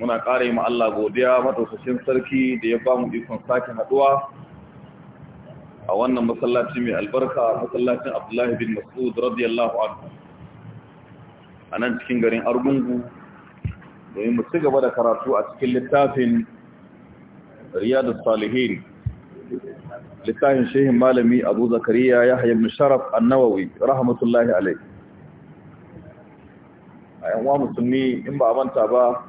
muna ƙara yi Allah godiya maɗaukacin sarki da ya ba mu ikon sake haɗuwa a wannan masallaci mai albarka masallacin abdullahi bin masud radiyallahu anhu a nan cikin garin argungu domin mu ci gaba da karatu a cikin littafin riyadu salihin littafin shehin malami abu zakariya ya hayi musharaf annawawi rahmatullahi alaihi. a yanwa musulmi in ba a manta ba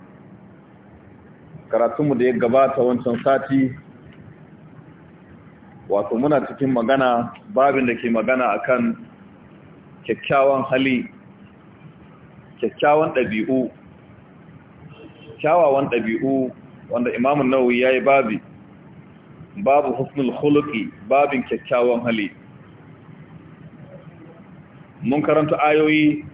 karatunmu da ya gabata wancan sati wato muna cikin magana babin da ke magana akan kyakkyawan hali kyakkyawan ɗabi'u kyawawan ɗabi'u wanda imamun nauyi ya yi babi babu husnul huluki, babin kyakkyawan hali mun karanta ayoyi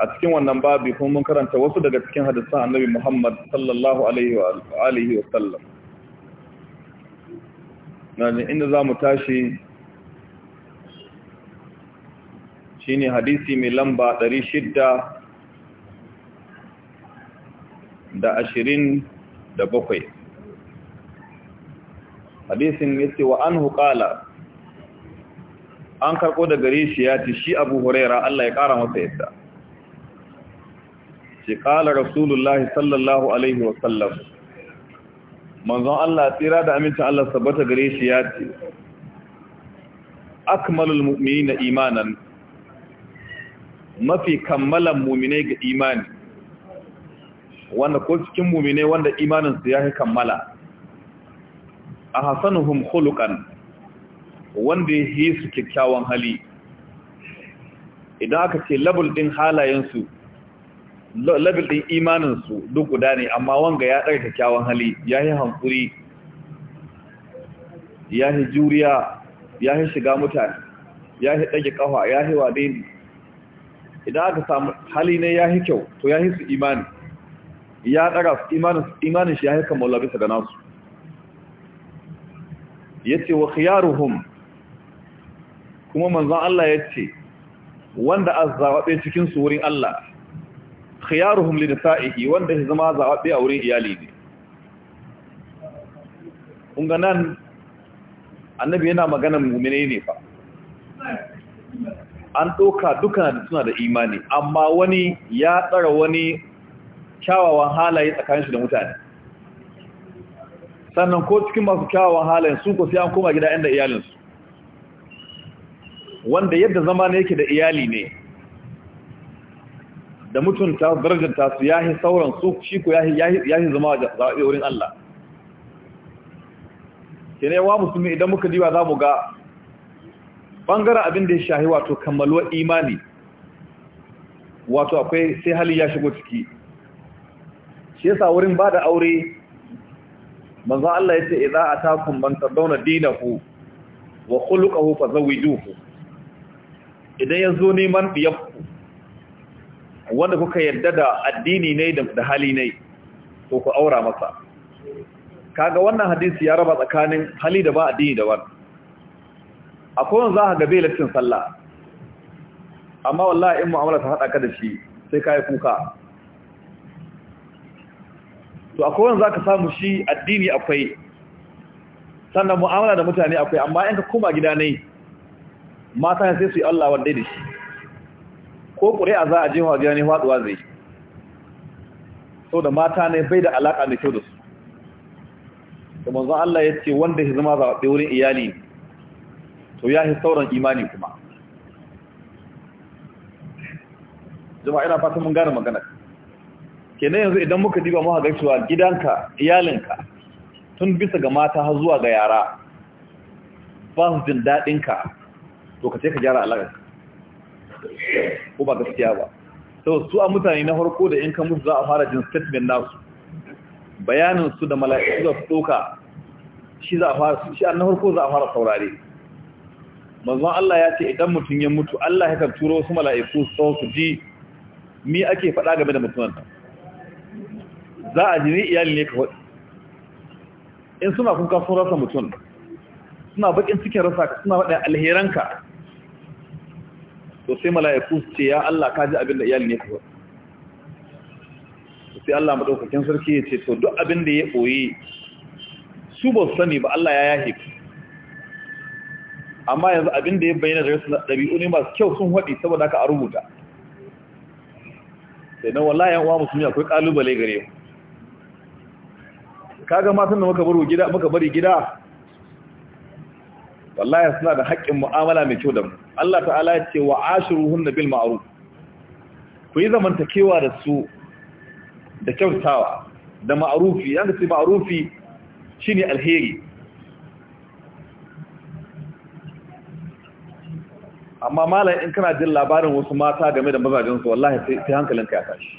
a cikin wannan babi kuma mun karanta wasu daga cikin hadisan annabi Muhammad sallallahu alaihi wa alihi wa sallam nan inda zamu tashi shine hadisi mai lamba 600 da ashirin da bakwai hadisin yace wa anhu qala an karko da gare shi ya ci, shi Abu Huraira Allah ya kara masa yadda ce kala rasulullah sallallahu alaihi wa sallam. manzon Allah tsira da amincin Allah sabbata gare shi ya ce akmalul mu'minina imanan mafi kammalan mu'mine ga imani wanda ko cikin mu'mine wanda imanin su yahi kammala ahsanuhum khuluqan wanda yi su kyakkyawan hali idan aka ce labul din halayen su level din imanin su duk guda ne amma wanga ya ɗaga kyawun hali ya yi hankuri ya yi juriya ya yi shiga mutane ya yi ɗage ƙafa ya yi wade ne idan aka samu hali ne ya yi kyau to ya yi su imani ya ɗaga su imanin shi ya yi kammala bisa ga nasu ya ce wa khiyaruhum kuma manzan Allah ya ce wanda a cikin cikinsu wurin Allah khiyaruhum li nisa'ihi wanda ya zama zaɓe a wurin iyali ne kun ga nan annabi yana magana mu'mine ne fa an ɗauka dukkan suna da imani amma wani ya tsara wani kyawawan halaye tsakaninsu da mutane sannan ko cikin masu kyawawan halayen su ko sai an koma gida inda iyalinsu wanda yadda zama ne yake da iyali ne da mutunta darajar ta su yahi sauran su shi ko yahi yahi zama da zaɓe wurin Allah kene wa musulmi idan muka diba za mu ga bangaren abin da ya shahi wato kammaluwar imani wato akwai sai hali ya shigo ciki shi yasa wurin bada aure manzo Allah yace idza atakum man tadawna dinahu wa khuluquhu fazawwijuhu idan yazo neman diyarku wanda kuka yarda da addini ne da hali ne to ku aura masa kaga wannan hadisi ya raba tsakanin hali da ba addini da wani akwai wanda za ka gabe lattin sallah amma wallahi in mu'amala ta haɗa ka da shi sai ka yi kuka to akwai wanda za ka samu shi addini akwai sannan mu'amala da mutane akwai amma in ka koma gida ne mata sai su yi Allah wanda da shi ko ƙuri'a za a jin wajen gani zai yi so da mata ne bai da alaƙa da kyau da su da manzan Allah ya ce wanda ya zama zaɓe wurin iyali to ya yi sauran imani kuma jama'a ina fata mun gane magana kenan yanzu idan muka diba muka ga cewa gidanka iyalinka tun bisa ga mata har zuwa ga yara ba su jin daɗinka to ka ce ka gyara alaƙarka ko ba gaskiya ba sau su a mutane na farko da in ka musu za a fara jin statement nasu bayanin su da mala'iku za su ɗauka shi za a fara shi an na farko za a fara saurare manzon Allah ya ce idan mutum ya mutu Allah ya turo su mala'iku su su ji mi ake faɗa game da mutumin za a ji iyali ne ka faɗi in suna kuka sun rasa mutum suna bakin cikin rasa ka suna faɗin alheranka to sai mala'iku su ce ya Allah ka ji abin da iyalin ya kawo sai Allah madaukakin sarki ya ce to duk abin da ya boye su ba su sani ba Allah ya yahe amma yanzu abin da ya bayyana da rasu ɗabi'u ne masu kyau sun haɗi saboda ka a rubuta sai na wallahi uwa musulmi akwai ƙalubale gare Ka ga matan da muka gida muka bari gida wallahi suna da haƙƙin mu'amala mai kyau da mu Allah ta'ala ya ce wa ashiruhunna bil ma'ruf ku yi zamantakewa da su da kyautawa da ma'rufi yanda ce ma'rufi shine alheri amma malam in kana jin labarin wasu mata game da mazajen su wallahi sai hankalinka ya tashi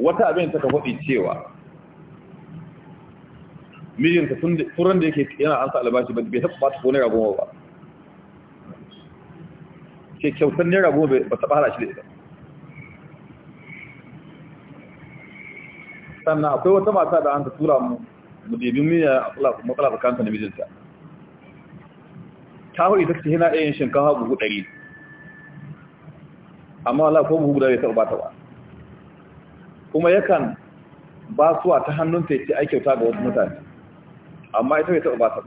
wata abin ta ka faɗi cewa mijinta turan da yake yana ansa albashi bai taɓa ba ta ko naira goma ba ke kyautar naira goma ba taɓa hana shi da ita sannan akwai wata mata da an ta tura mu mu debin miya matsala tsakanta na mijinta ta hau ita ce yana ɗaya yin shinkafa buhu ɗari amma wala ko buhu guda bai taɓa ba ta ba kuma yakan ba suwa ta hannunta ya ce ai kyauta ga wasu mutane amma ita bai taɓa ba ta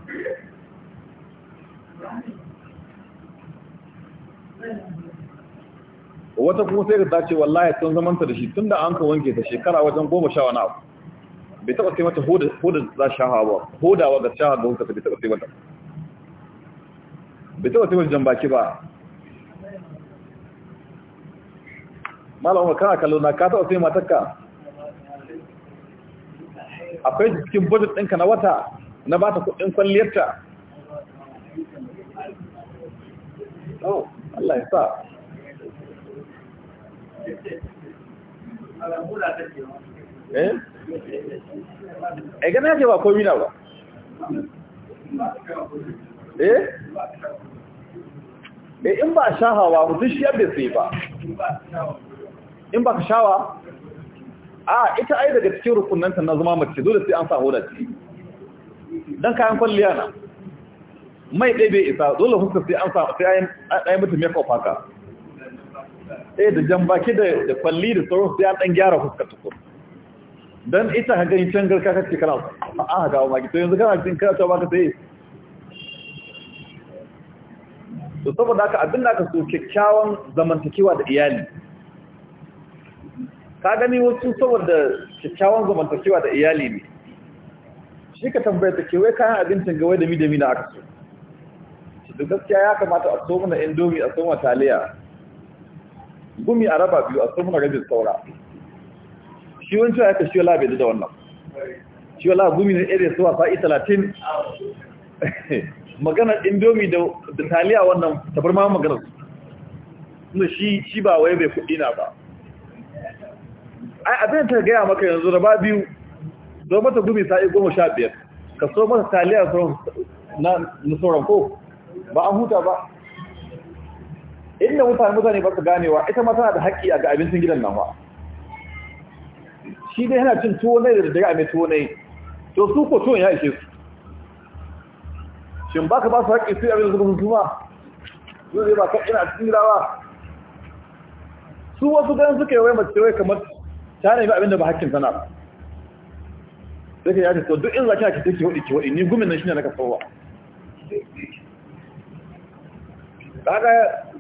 wata kuma sai ka dace wallahi tun zamanta da shi tun da an ka wanke ta shekara wajen goma sha wani abu bai taɓa sai mata hoda za sha hawa hodawa ga sha ga hukunta bai taɓa sai mata bai taɓa sai mata jambaki ba malama kana kallo na ka taɓa sai matakka akwai cikin budget ɗinka na wata na ba ta kudin kwalliyarta oh Allah ya sa eh ai gana ce ba komi na ba eh eh in ba shahawa mutum shi da sai ba in ba shawa a ah, ita ai daga cikin rukunanta na zama mace dole sai an sa hodar ciki dan kayan kwalliya na mai ɗaya bai isa dole huska sai an samu sai ayi mutum ya kofa ka eh da jan da da kwalli da sauran sai an dan gyara huska tukur dan ita ka gani can garka kake kana a ga ma ki to yanzu kana jin ka ta ka sai to saboda haka abin da ka so kyakkyawan zamantakewa da iyali ka gani wasu saboda kyakkyawan zamantakewa da iyali ne shi ka tambayar ta ke wai kayan abincin ga wai da midami na aka so da gaskiya ya kamata a tsohon na indomi a tsohon taliya gumi a raba biyu a tsohon na rabin saura shi wani cewa ya ka shi wala bai da wannan shi wala gumi na irin suwa sa'i talatin maganar indomi da taliya wannan tabar ma maganar su shi ba wai bai kudi na ba ai abin ta gaya maka yanzu da ba biyu don mata gumi sa'i goma sha biyar ka so mata taliya na sauran ko ba an huta ba inda mutane mutane ba su ganewa ita ma tana da haƙƙi a ga abincin gidan nan ba shi dai yana cin tuwo ne da daga mai tuwo ne to su ko tuwon ya ishe su shin ba ka ba su haƙƙi su abin da suka su ma su zai ba ka ina cikin gida ba su wasu ganin suke yi wai mace wai kamar ta nemi abin da ba haƙƙin sana sai ya ce to duk in zaka ki take wadi ki wadi ni gumin nan shine naka tsawa kaga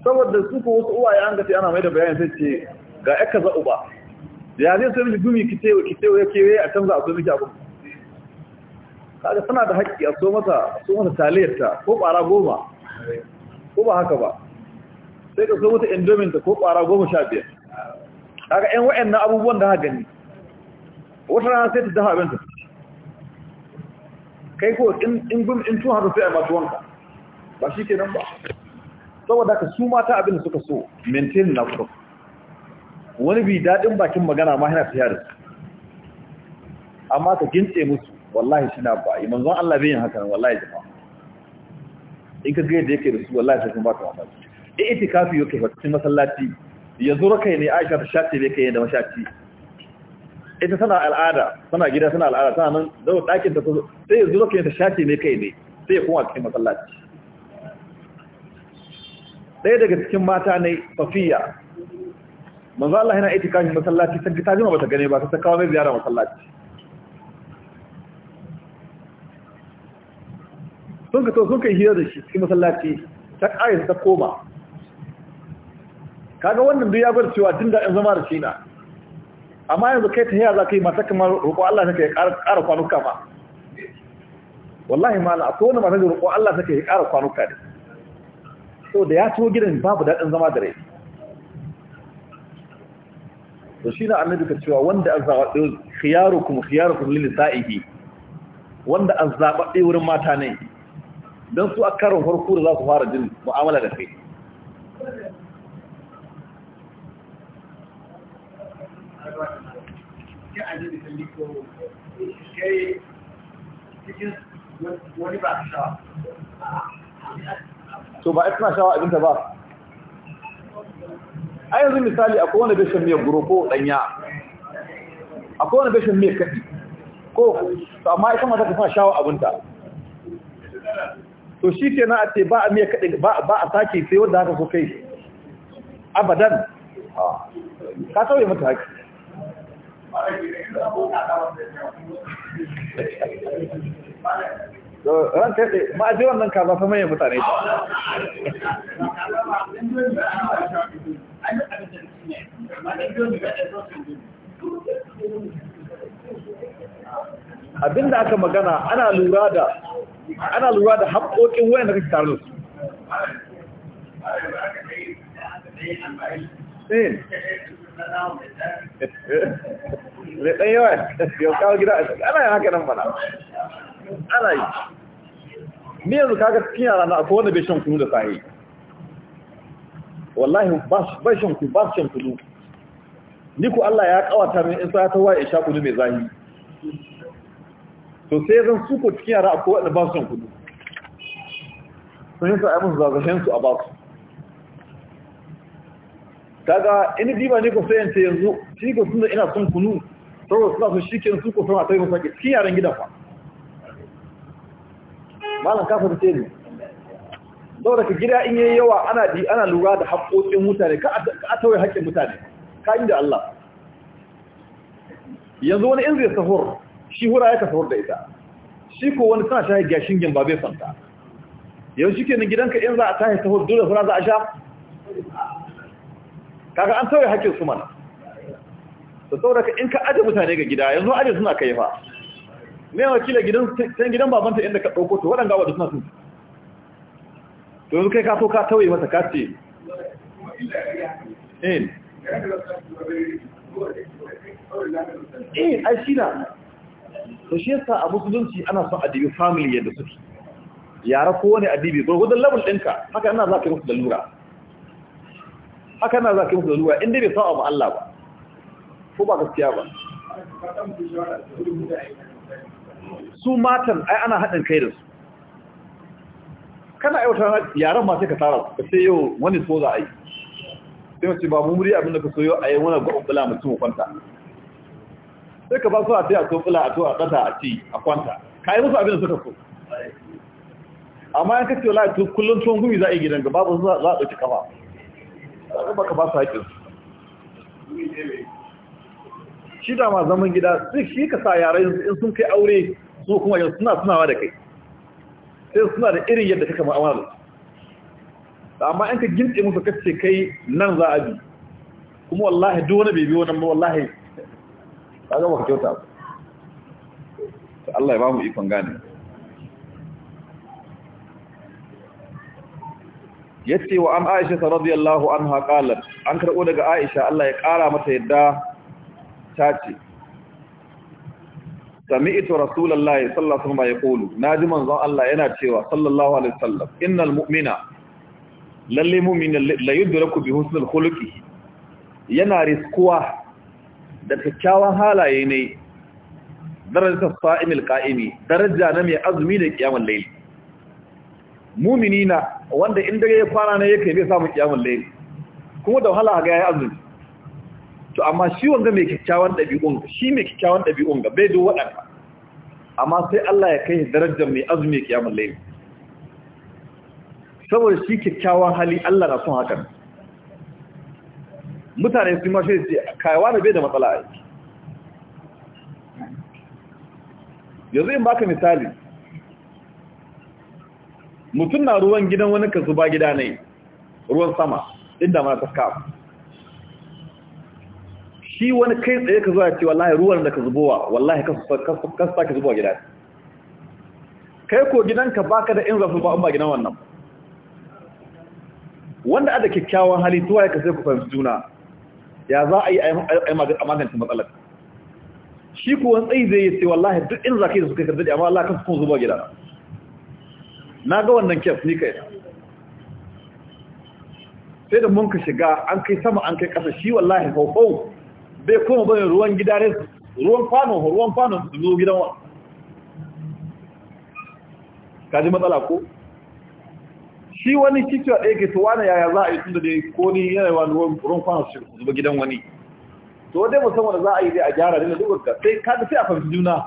saboda su ko wasu uwaye an ga sai ana mai da bayani sai ce ga aka za uba ya zai so miki gumi ki tewo ki tewo yake wai a canza a so miki abu kaga suna da haƙƙi a so mata so mata taliyarta ko ƙwara goma ko ba haka ba sai ka so mata indomin ta ko ƙwara goma sha biyar kaga ƴan wa'annan abubuwan da haka gani wata rana sai ta dafa abinta kai ko in gum in tuwa haka sai a masu wanka ba shi ke nan ba saboda ka su mata abin da suka so maintain na kuka wani bi daɗin bakin magana ma yana fiye da amma ka gince musu wallahi shi na ba yi manzon Allah bai yin haka nan wallahi jama in ka gaya da yake da su wallahi sai kun ba ka mamaki in itikafi yake ba cikin masallaci yanzu kai ne Aisha ta shace bai kai da mashati ita tana al'ada tana gida tana al'ada tana nan da ɗakin ta sai ya zuwa ta shafi ne kai ne sai ya kuma cikin masallaci ɗaya daga cikin mata ne safiya manzo Allah yana aiki kafin masallaci sai ta jima bata gane ba ta kawo mai ziyara masallaci sun ka to sun kai hira da shi cikin masallaci ta ƙare ta koma kaga wannan duk ya bar cewa tunda da zama da shi na amma yanzu kai ta yaya za ka yi mata kamar roƙo Allah take ya ƙara kwanuka ma wallahi ma na so wani mata da roƙo Allah take ya ƙara kwanuka ne so da ya tuwo gidan babu daɗin zama da rai to shi na annabi ka cewa wanda an kuma khiyarukum kuma lili sa'ihi wanda an zaɓa ɗin wurin mata ne don su a karin farko da za su fara jin mu'amala da kai sai a zai da liko kai cikin wani ba shawa to ba a suna shawa abinta ba a yanzu misali akwai wani bai shan miyar guro ko danya akwai wani bai shan miyar kaɗi ko to amma ita mata ka sa shawa abinta to shi ke na a ce ba a miyar kaɗi ba a sake sai wanda haka so kai abadan ah, ka sauye mata haki ran ta abinda aka magana ana lura da ana lura da haƙoƙin wayan da kake tare eh zai ɗan yawa yau kawo gida ana yin haka nan mana ni yanzu kaga cikin yara na akwai wanda bai shan kunu da sahi wallahi ba shan kunu ba shan kunu ni ku Allah ya kawata min in sa ta waye sha kunu mai zahi to sai zan su ko cikin yara akwai wanda ba shan kunu sun yi sa'ayin su zagayen su a ba su kaga in diba ne ko sai yance yanzu shi ko sun ina son kunu saboda suna so shi kenan su ko sama a kai ko cikin yaran gida fa malam kafa da ce saboda ka gida in yayi yawa ana di ana lura da haƙoƙin mutane ka a tauye haƙƙin mutane ka inda Allah yanzu wani in zai sahur shi hura ya ka sahur da ita shi ko wani tana shahi gashin gin ba bai fanta yanzu shi kenan gidanka in za a tashi sahur dole hura za a sha kaga an sauya haƙƙin su mana da sauraka in ka aje mutane ga gida yanzu aje suna kai fa Me ya wakila gidan san gidan babanta inda ka dauko to wadanga wadu suna sun to yanzu kai ka so ka tauye masa ka ce in eh, eh ai shi na to shi yasa a musulunci ana son adibi family yadda suke yara kowane adibi gurgudan labur ɗinka haka ina za ka yi musu da lura haka na za ka musu da ruwa inda bai sa'a ba Allah ba ko ba gaskiya ba su matan ai ana haɗin kai da su kana aiwatar yaran ma sai ka tara ka sai yau wani so za a yi sai mace ba mummuri abin da ka yau a yi wani gwa'un bula mutum a kwanta sai ka ba su a sai a so bula a to a ɗata a ci a kwanta ka yi musu abin da suka so amma yan kace wala to kullun tuwon gumi za a yi gidan ga babu za a ɗauki kafa ba baka ba su haƙin shi da ma zaman gida duk shi ka sa yaran in sun kai aure su kuma yanzu suna tunawa da kai sai suna da irin yadda a mu'amala da amma in ka gintse musu ce kai nan za a bi kuma wallahi duk wani bai bi wannan ba wallahi kaga ba ka kyauta Allah ya ba mu ikon gane yace wa an Aisha radiyallahu anha qalat an karbo daga Aisha Allah ya kara mata yadda tace sami'tu rasulullahi sallallahu alaihi wasallam yaqulu naji manzon Allah yana cewa sallallahu alaihi wasallam innal mu'mina lalle mu'mina la yudraku bi husnil khuluqi yana riskuwa da kyakkyawan halaye ne darajar sa'imil qa'imi daraja na mai azumi da kiyamul layli mumini na wanda in dare ya kwana ne yake bai samu kiyamun laili kuma da wahala ga yayi azumi to amma shi wanda mai kikkiawan dabi'un shi mai kikkiawan dabi'un ga bai da wadanka amma sai Allah ya kai darajar mai azumi kiyamun laili saboda shi kikkiawan hali Allah na son hakan mutane su ma shi kaiwa ne bai da matsala yanzu in baka misali mutum na ruwan gidan wani ka zuba gida ne ruwan sama inda mana ta kawo shi wani kai tsaye ka zuwa ce wallahi ruwan da ka zubowa wallahi ka ka zubowa gida kai ko gidanka baka da in zafi ba in ba gidan wannan wanda ada kyakkyawan hali tuwa ya kasai ku fahimci juna ya za a yi a magance matsalar shi kuwa tsaye zai yi ce wallahi duk in za ka yi suka kai kardadi amma Allah kan su kuma zubowa gida na ga wannan kef ni kai sai da mun ka shiga an kai sama an kai kasa shi wallahi haufau bai kuma bane ruwan gida ne ruwan kwano ruwan kwano su zo gidan wa ji matsala ko shi wani cikiwa ɗaya ke wani yaya za a yi tunda dai ko ni yana yawa ruwan kwano su zuba gidan wani to dai musamman da za a yi dai a gyara dai da duk sai kada sai a fahimci juna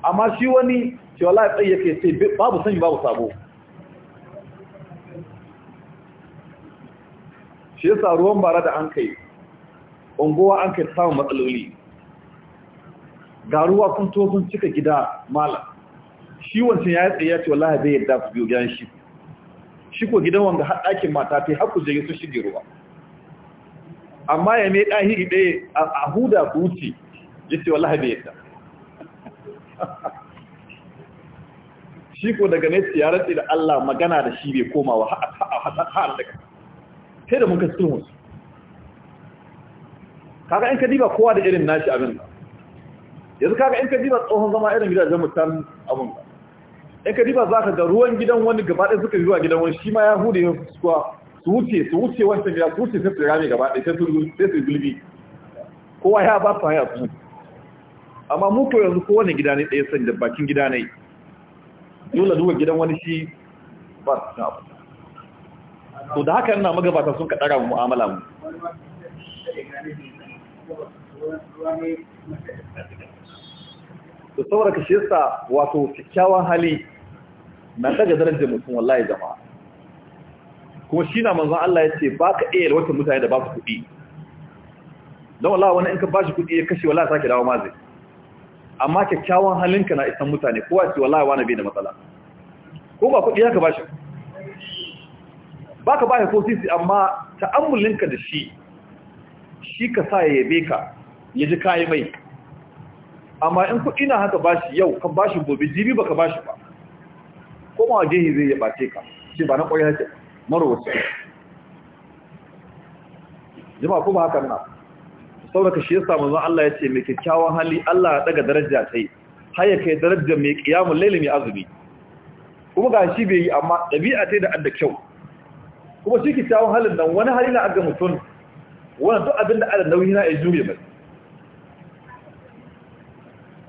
amma shi wani ce wallahi tsayi yake babu sanyi babu sabo shi yasa ruwan bara da an kai unguwa an kai samun matsaloli ga ruwa sun to cika gida mala shi wancan ya tsaye ya ce wallahi bai yadda su biyo gidan shi shi ko gidan wanda har ɗakin mata ta har je su shige ruwa amma ya mai ɗahiri ɗaya a huda buci ya ce wallahi bai yadda shi ko daga nesa ya rantsi da Allah magana da shi bai komawa har da sai da muka musu. kaga in ka diba kowa da irin nashi abin yanzu kaga in ka diba tsohon zama irin gidajen mutan abin in ka diba zaka ga ruwan gidan wani gaba ɗaya suka zuwa gidan wani shi ma ya hude yin suwa su wuce su wuce wancan gida su wuce sai su rame gaba ɗaya sai su gulbi kowa ya ba ta haya su amma mu ko yanzu kowane gida ne ɗaya sanya bakin gida ne yula duwa gidan wani shi ba su cin abu to da haka yana magabata sun ka tsara mu'amala mu to saboda ka shi yasa wato kyakkyawan hali na daga darajar mutum wallahi jama'a kuma shi na manzan Allah ya ce ba ka iya yalwatar mutane da ba su kuɗi don wallahi wani in ka ba shi kuɗi ya kashe ya sake dawo ma zai amma kyakkyawan halinka na isan mutane a ce wallahi wani bai da matsala ko ba kuɗi haka ba shi ba ka ba ko sisi amma ta'ammulinka da shi shi ka sa ya yabe ka ya ji kayi mai amma in kuɗi na haka ba shi yau kan ba shi gobe jibi ba ka ba shi ba ko ma waje zai ya ɓace ka shi ba na ƙwai haka mara wasu jima kuma haka na saboda shi yasa manzon Allah yace mai kyakkyawan hali Allah ya daga daraja sai har ya kai darajar mai qiyamul layl mai azumi kuma ga shi bai yi amma dabi'a tai da adda kyau kuma shi kyakkyawan halin nan wani hali na aga mutum wani duk abin da ada nauyi na ya jure mai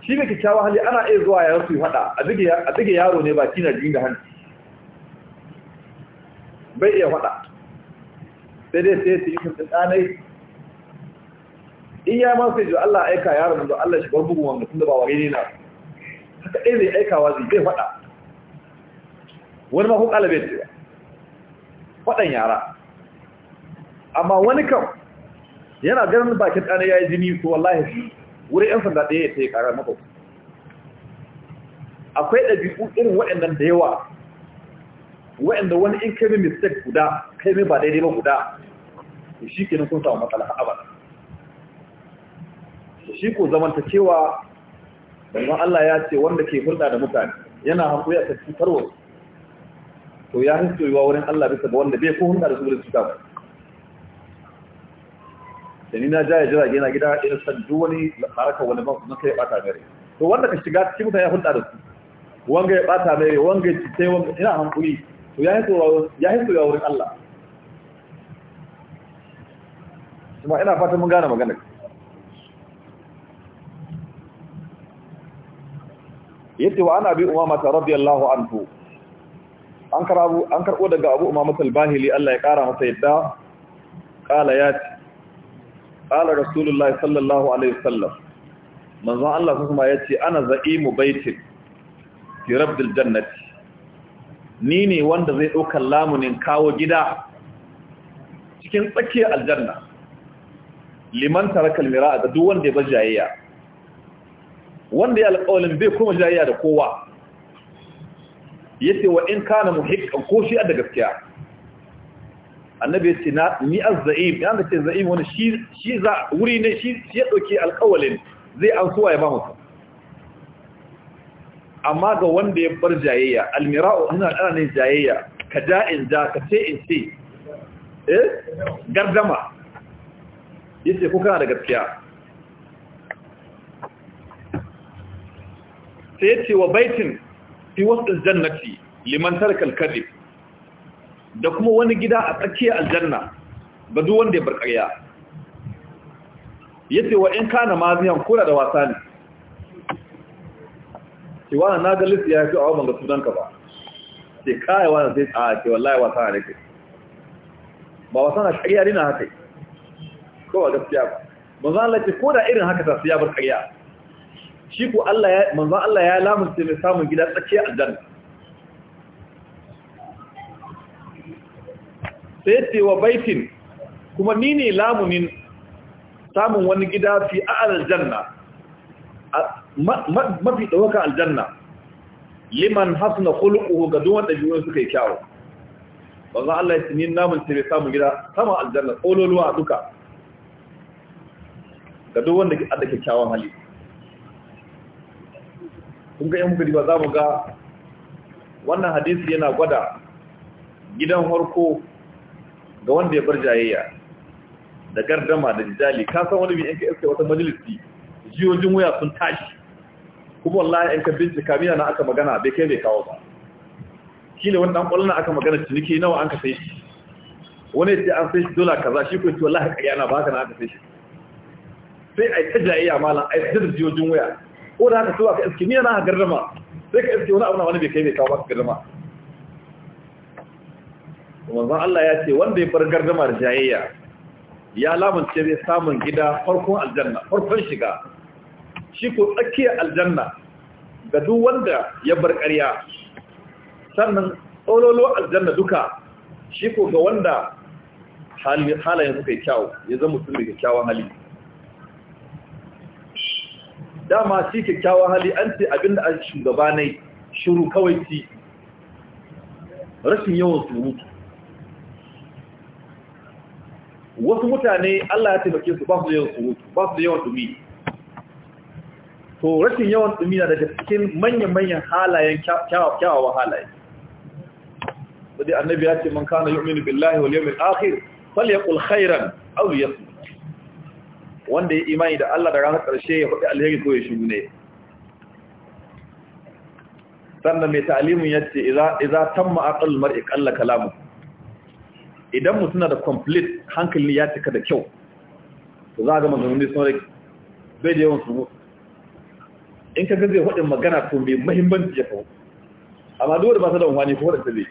shi mai kyakkyawan hali ana iya zuwa ya rasu fada a dige yaro ne ba kina jinga hanci bai iya fada sai dai sai su yi sun tsanai in ya ma sai Allah aika yaron da Allah shi bar bugun wannan tunda ba ware ne na haka dai zai aikawa zai zai faɗa wani ma ko kalabe ce fadan faɗan yara amma wani kam yana ganin bakin ɗana ya yi jini ko wallahi wuri 'yan sanda ɗaya ya ta yi ƙarar mako akwai ɗabi'u irin waɗannan da yawa waɗanda wani in kai mai mistake guda kai mai ba daidai ba guda shi kenan kun samu matsala a abada shi ko cewa manzon Allah ya ce wanda ke hulɗa da mutane yana hankali a cutar wasu to ya hanci yiwa wurin Allah bisa ga wanda bai ko hulɗa da su wurin cuta ba da ni na jaya jira gina gida irin san duk wani haraka wani ban na kai bata gare to wanda ka shiga cikin mutane ya hulɗa da su wanga ya bata mai wanga ya citai wanga ina hankuri to ya hanci ya hanci yiwa wurin Allah kuma ina fatan mun gane magana yace wa ana bi umama ta radiyallahu anhu an karabu an karbo daga abu umama al Allah ya kara masa yadda kala ya Kala rasulullahi sallallahu alaihi wasallam manzo Allah kuma yace ana za'imu baitin fi rabbil jannati ni ne wanda zai ɗaukar lamunin kawo gida cikin tsakiyar aljanna liman taraka almira'a da duk wanda ya bar jayayya. wanda ya alƙawalin bai kuma jayayya da kowa yace wa in kana muhiqqan ko shi da gaskiya annabi yace na ni az-za'im ya ce za'im wani shi shi za wuri ne shi ya dauke alƙawalin zai an suwa ya ba musu amma ga wanda ya bar jayayya almira'u ina ana ne jayayya ka da'in da ka ce in ce eh gardama yace ko kana da gaskiya sai ya ce wa baitin fi wasu jannati liman tarkal kadhib da kuma wani gida a tsakiyar aljanna ba duk wanda ya bar Ya ce wa in kana maziyan kula da wasa ne ce wa na ga lissi ya fi a waban ga sunanka ba ce kaya wani sai a ce wallahi wasa ne ke ba wasa na shari'a ne na haka ko ba gaskiya ba ba za a lafi ko da irin haka ta siya ya bar shi ko Allah ya manzo Allah ya lamunce mai samun gida tsakiya aljanna sai ce wa baitin kuma ni ne lamunin samun wani gida fi a aljanna mafi ɗaukar aljanna liman hasna khuluquhu ga duk wanda jiwon suka yi kyawu banzu Allah ya sinin namun ce samun gida sama aljanna kololuwa duka ga duk wanda da kyakkyawan hali kun ga yan diba za mu ga wannan hadisi yana gwada gidan harko ga wanda ya bar jayayya da gardama da jidali ka san wani bi yanka iska wata majalisi jiyojin waya sun tashi kuma wallahi yanka bincika miya na aka magana bai kai bai kawo ba shi ne wani ɗan aka magana ciniki nawa an ka sai shi wani ce an sai shi dola kaza shi ko wallahi ka yana ba haka na aka sai shi sai a yi ta jayayya malam a yi ta jiyojin waya. ko da haka suwa ka iske miya na gardama sai ka iske wani abu na wani bai kai bai kawo maka gardama zan Allah ya ce wanda ya bar gardama da jayayya ya lamunce zai samun gida farkon aljanna farkon shiga shi ko tsakiyar aljanna ga duk wanda ya bar ƙarya sannan tsololo aljanna duka shi ko ga wanda halayen suka yi kyau ya zama mutum da kyakkyawan hali dama shi kyakkyawan hali an ce abinda an shugaba ne shiru kawai ci rashin yawan surutu wasu mutane Allah ya taimake su ba su da yawan surutu ba su da yawan dumi to rashin yawan dumi na daga cikin manyan-manyan halayen kyawawan halaye wadda annabi ya ce man kana yu'minu billahi wal yawmil akhir yaqul khairan aw yasmut wanda ya imani da Allah da ranar ƙarshe ya faɗi alheri ko ya shigo ne sannan mai ta'alimin ya ce iza tan ma'aƙal mar'i ƙalla kalamu idan mutum na da complete hankali ya cika da kyau to za a ga maganganun sun rai bai da yawan su in ka gaza ya faɗin magana to mai muhimmanci ya kawo amma duk da ba su da wani ko da ta zai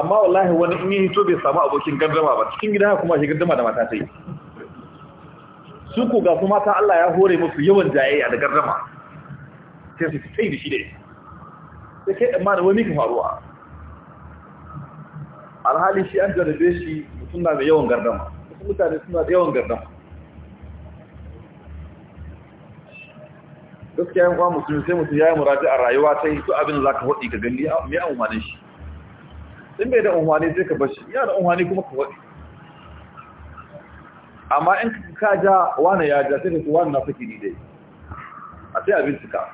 amma wallahi wani in yi hito bai samu abokin gardama ba cikin gida kuma shi gardama da mata sai su ku ga kuma mata Allah ya hore musu yawan jayayya da gardama sai su sai da shi dai sai kai amma da wani ka faruwa alhali shi an jarabe shi suna da yawan gardama wasu mutane suna da yawan gardama gaskiya yan kwa musulmi sai mutum ya yi muraji a rayuwa ta yi su abin za ka haɗi ka gani mai an umarnin shi in bai da unhwani sai ka bashi ya da unhwani kuma ka wadi amma in ka ja wani ya ja sai ka su wani na faki ni dai a sai abin suka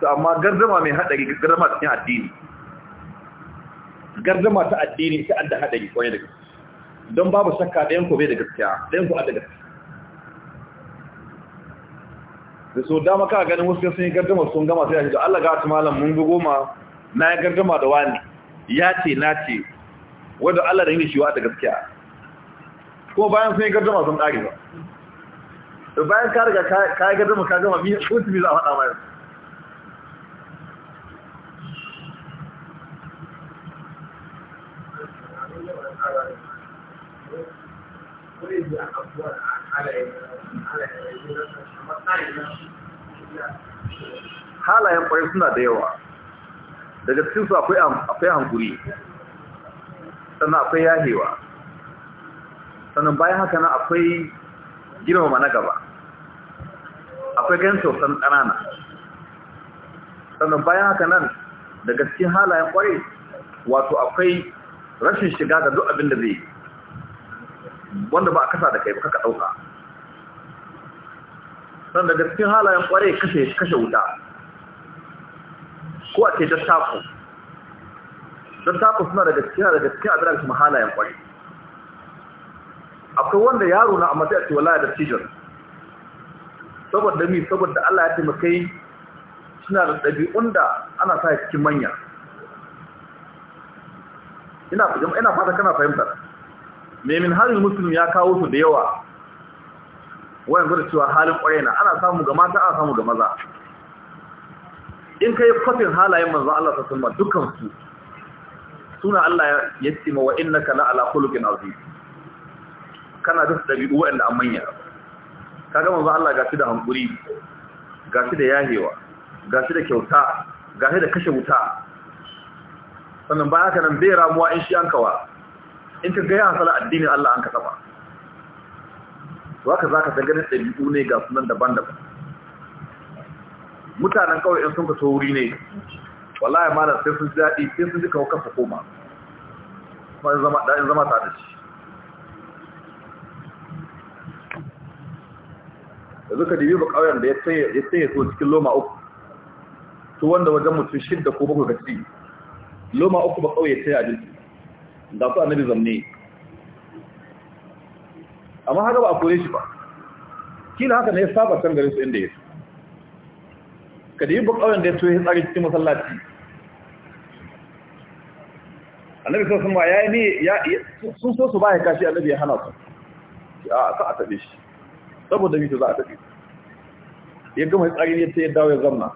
su amma gardama mai haɗari gardama cikin addini gardama ta addini ta adda haɗari kwaye daga don babu shakka ɗayan ku bai da gaskiya ɗayan ku adda gaskiya da so dama ka ganin wasu sun yi gardama sun gama sai a shi da Allah ga malam mun bugo goma na ya gardama da wani ya ce na ce wadda Allah da yi shi wa ta gaskiya ko bayan sun yi gardama masu ɗari ba da bayan ka daga ka yi gardama ka gama miya kuntu biyu za a faɗa mai halayen ƙwai suna da yawa daga cikin su akwai akwai hankuri sannan akwai yahewa sannan bayan haka nan akwai girmama na gaba akwai ganin san ƙanana sannan bayan haka nan daga cikin halayen kwarai wato akwai rashin shiga ga duk abin da zai wanda ba a kasa da kai ba kaka ɗauka sannan daga cikin halayen kwarai kashe wuta ko a ce dattako suna da gaskiya da gaskiya a da mahala ya kwari akwai wanda yaro na a matsayar a ce wala da tijon saboda mi saboda Allah ya taimakai suna da ɗabi'un da ana sa cikin manya ina fata kana fahimtar me min halin musulun ya kawo su da yawa wayan zura cewa halin ƙwarai na ana samu ga mata ana samu ga maza in kai kwafin halayen manzon Allah ta sunma dukan su suna Allah ya ce ma wa innaka la ala khuluqin azim kana da dabi'u wanda an manya kaga manzon Allah shi da hankuri shi da yahewa shi da kyauta shi da kashe wuta sannan ba haka nan bai ramuwa in shi an kawa in ka ga ya hasala addinin Allah an ka saba to haka zaka dangane dabi'u ne ga sunan daban-daban mutanen kawai in sun ka wuri ne wallahi ma da sai sun daɗi sai sun ji kawo kafa koma kuma in zama ta da shi da duka dibi ba kawai da ya tsaye so cikin loma uku to wanda wajen mutum shidda ko bakwai gaci loma uku ba ƙauye tsaye a jinsu da su annabi zamne amma haka ba a kore shi ba kila haka ne ya saba can garin su inda ya su ka da yi bukawar da ya toye tsari cikin masallaci annabi sau sun ba ya yi ne sun so su ba ya kashi annabi ya hana su a sa a taɓe shi saboda mito za a taɓe ya gama ya tsari ne ta ya dawo ya zamna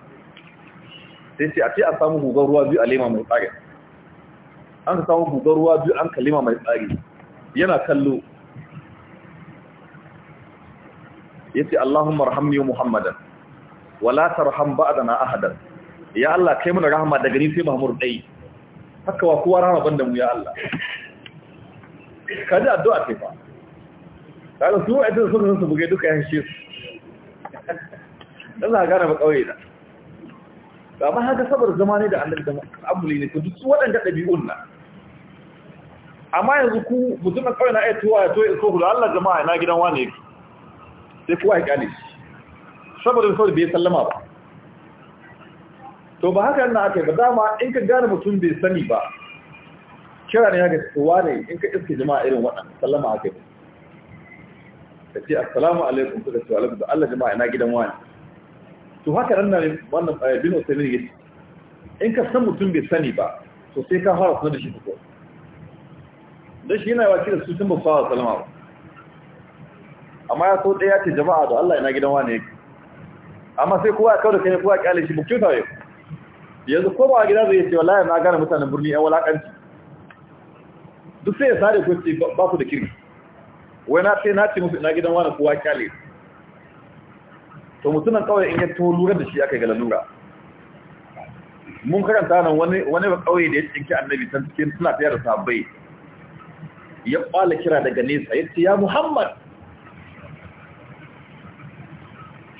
sai sai a ce a samu gugar ruwa biyu a lema mai tsari an ka samu gugar ruwa biyu an kalima mai tsari yana kallo ya ce Allahumma rahamni Muhammadan wala tarham ba'dana ahada ya Allah kai mana rahama daga ni sai mahmur dai haka wa kowa rahama banda mu ya Allah kaji addu'a ce fa kaga su a cikin sunan su buge duka yan dan za gane ba kauye da amma haka sabar zama ne da annabi da abuli ne to duk waɗanda ɗabi'un na amma yanzu ku mutumin kawai na aitowa ya to ya so hula Allah jama'a na gidan wane yake sai kuwa ya kyale shi saboda kawai bai sallama ba to ba haka yana aka yi ba dama in ka gane mutum bai sani ba kira ne ya ga kowa ne in ka iske jama'a irin waɗanda sallama aka yi ka ce assalamu alaikum da ce alaikum da Allah jama'a ina gidan wani to haka nan ne wannan eh, bin usaimin ne in ka san mutum bai sani ba to sai ka fara sanar da shi ko dan shi yana waki da su tun ba fara sallama ba amma ya so ɗaya ce jama'a da Allah ina gidan wani yake amma sai kowa kawo da kai kowa kyale shi bukin tawaye yanzu ko ba gida zai ce wallahi na gane mutanen birni yan walakanci duk sai ya sare ku ce ba ku da kirki wai na sai na ce musu ina gidan wani kowa kyale to mutumin kawai in ya to lura da shi aka ga lura. mun karanta nan wani wani ba kauye da ya cikin annabi san cikin suna tayar da sabbai ya kwala kira daga nesa yace ya Muhammad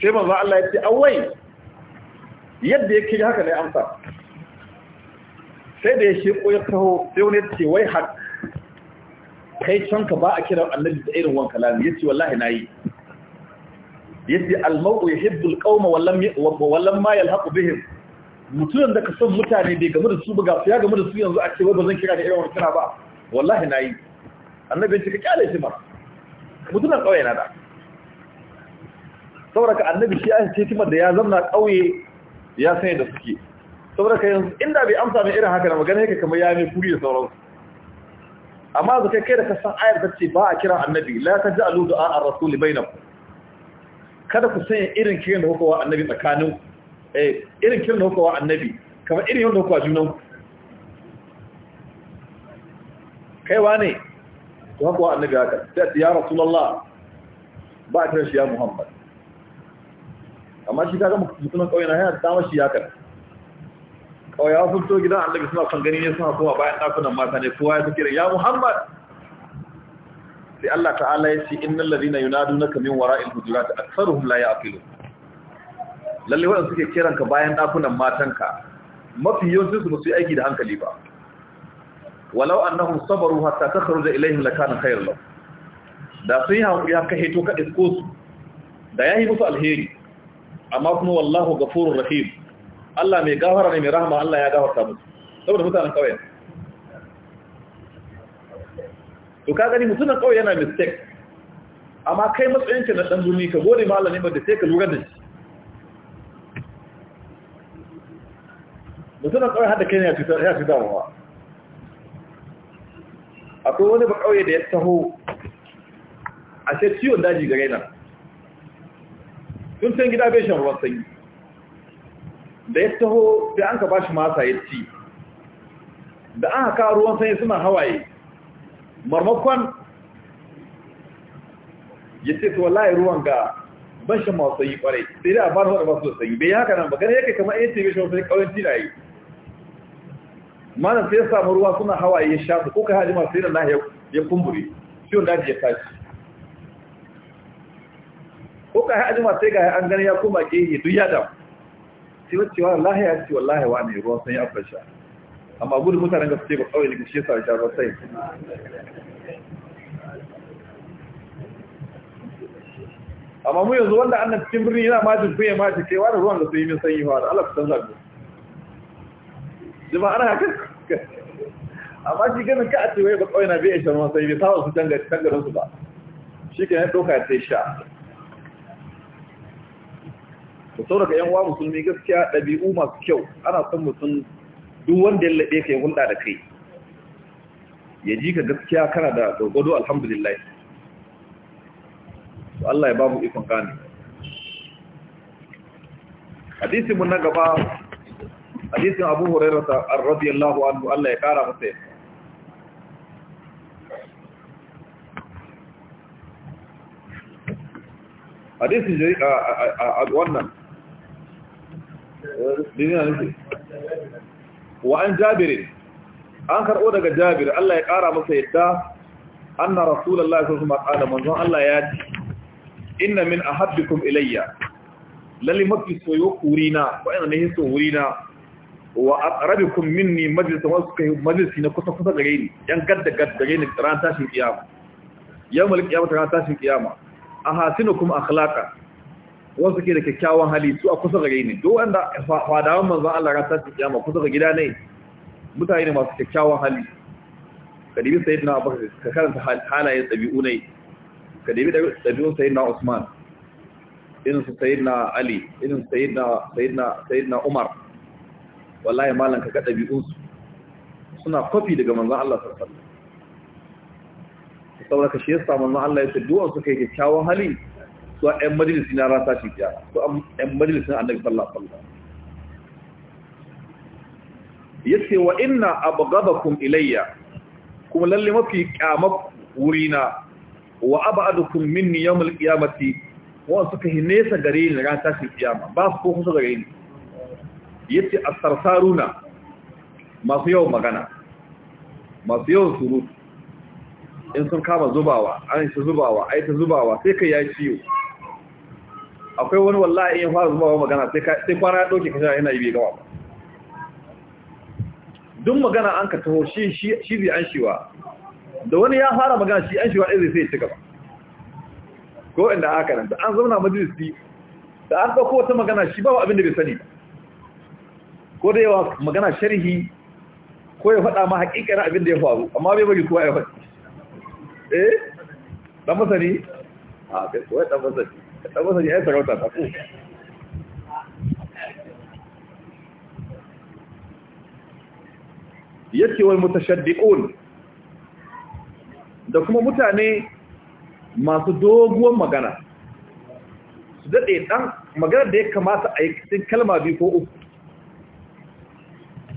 sai manzo Allah ya ce awai yadda yake haka ne amsa sai da ya shi ko ya taho sai wani ce wai har kai can ka ba a kira annabi da irin wanka lami yace wallahi nayi yace al-mawdu yuhibbu al-qawma wallam wallan ma yalhaqu bihim mutunan da ka san mutane bai game da su ba ya game da su yanzu a ce wai bazan kira da irin wannan kira ba wallahi nayi annabi ya ce ka kyale shi ba mutunan ƙauye na da saboda ka annabi shi ya titimar da ya zamna kauye ya san yadda suke saboda ka yanzu inda bai amsa mai irin haka na magana yake kamar ya mai kuri da sauransu amma zai kai kai da san ayar tace ce ba a kiran annabi la taj'alu du'a ar rasuli bainakum kada ku sanya irin kiran da kuka wa annabi tsakanin eh irin kiran da kuka wa annabi kamar irin yanda kuka junan kai wane ku haka wa annabi haka ya rasulullah ba a kiran shi ya muhammad amma shi kaga mutumin kauye na yana dama shi ya kan kauyawa sun to gidan annabi suna kan gani ne suna kowa bayan dakunan mata ne kowa ya fi kiran ya muhammad sai Allah ta'ala ya ce innal ladina yunadunaka min wara'il hujurat aktharuhum la ya'qilun lalle wanda suke kiran ka bayan dakunan matanka mafi yawancin su ba su yi aiki da hankali ba walau annahum sabaru hatta takhruja ilaihim lakana khayran da sun yi hankali haka hito ka isko su da yayi musu alheri amma kuma wallahu gafurur rahim Allah mai gafara ne mai rahama Allah ya gafarta musu saboda mutanen kauyen to ka gani mutanen kauye yana mistake amma kai ka na dan duniya ka gode ma Allah ne bada sai ka lura da shi mutanen kauye hada kai ne ya fi wa. akwai wani ba kauye da ya taho a sai ciwon daji gare nan tun san gida bai shan ruwan sanyi da ya taho da an ka bashi masa ya ci da an haka ruwan sanyi suna hawaye marmakon ya ce su wallahi ruwan ga ban shan masu sanyi kwarai sai dai a ba da masu sanyi bai haka nan ba gani yake kama yin bai shan sanyi kawai yi. mana sai ya samu ruwa suna hawaye ya sha su ko ka hajji masu yi da ya kumbure ciwon daji ya tashi ko ka yi ajima sai ga yi an gani ya koma gehe duk ya damu sai wacce wa lahaya ya ce wallahi wa ne ruwan sanyi a sha amma gudun mutanen ga suke ba kawai da gushe sa sha sai amma mu yanzu wanda annan cikin birni yana majin kuye ma ce kai wani ruwan da su yi min sanyi wa da alaf san zabi jama'a ana haka amma shi ganin ka a ce wai ba kawai na biya shi ruwan sanyi bai sawa su canza canza su ba shi ke yi ɗauka ta sha to saboda yan uwa musulmi gaskiya ɗabi'u masu kyau ana son mutum duk wanda ya lade ka hulɗa da kai ya ji ka gaskiya kana da gwargwado alhamdulillah to Allah ya babu ikon gani hadisi mun na gaba hadisin Abu Hurairah radhiyallahu anhu Allah ya kara masa a wannan dinina nufi wa an jabirin an karɓo daga jabir Allah ya ƙara masa yadda anna rasulullahi sallallahu alaihi wasallam qala manzon Allah ya ce inna min ahabbikum ilayya lalli mafi soyo kurina wa ina ne so wurina wa aqrabukum minni majlisan wa suka majlisi na kusa kusa gare ni yan gadda gadda gare ni ran tashin kiyama yawmal qiyamah ran tashin kiyama ahasinukum akhlaqa wasu ke da kyakkyawan hali su a kusa gare ne duk wanda fadawan manzan Allah ran tashi kiyama kusa ga gida ne mutane masu kyakkyawan hali kadibi sayyidina Abubakar ka karanta halayen dabi'u ne kadibi dabi'un sayyidina Usman irin su sayyidina Ali irin sayyidina sayyidina sayyidina Umar wallahi malan ka ga dabi'un su suna kofi daga manzan Allah sallallahu alaihi wasallam saboda ka shi yasa manzan Allah ya ce duwan su kai kyakkyawan hali su ɗan majalisi na ran sashen kiyama su majalisi na annabi sallallahu alaihi wasallam yace wa inna abghadakum ilayya kuma lalle mafi kyamar wurina wa ab'adukum minni yawm al-qiyamati wa suka nesa gare ni ran tashin kiyama ba su ko kusa gare ni yace asarsaruna sarsaruna masu yawan magana masu yawan surutu in sun kama zubawa an shi zubawa ai ta zubawa sai kai ya ciwo akwai wani wallahi in fara zuwa magana sai kwana ya ɗauke kashe yana yi bai gawa duk magana an ka taho shi zai an shiwa da wani ya fara magana shi an shiwa ɗin zai ci gaba ko inda aka nan da an zauna majalisi da an ɗauko wata magana shi ba abin da bai sani ko da yawa magana sharhi ko ya faɗa ma haƙiƙar abin da ya faru amma bai bari kowa ya faɗi eh ɗan masani a kai kowa ɗan masani ta masa ne ya ta ko yace wal mutashaddiqun da kuma mutane masu doguwar magana su daɗe ɗan maganar da ya kamata a yi cikin kalma biyu ko uku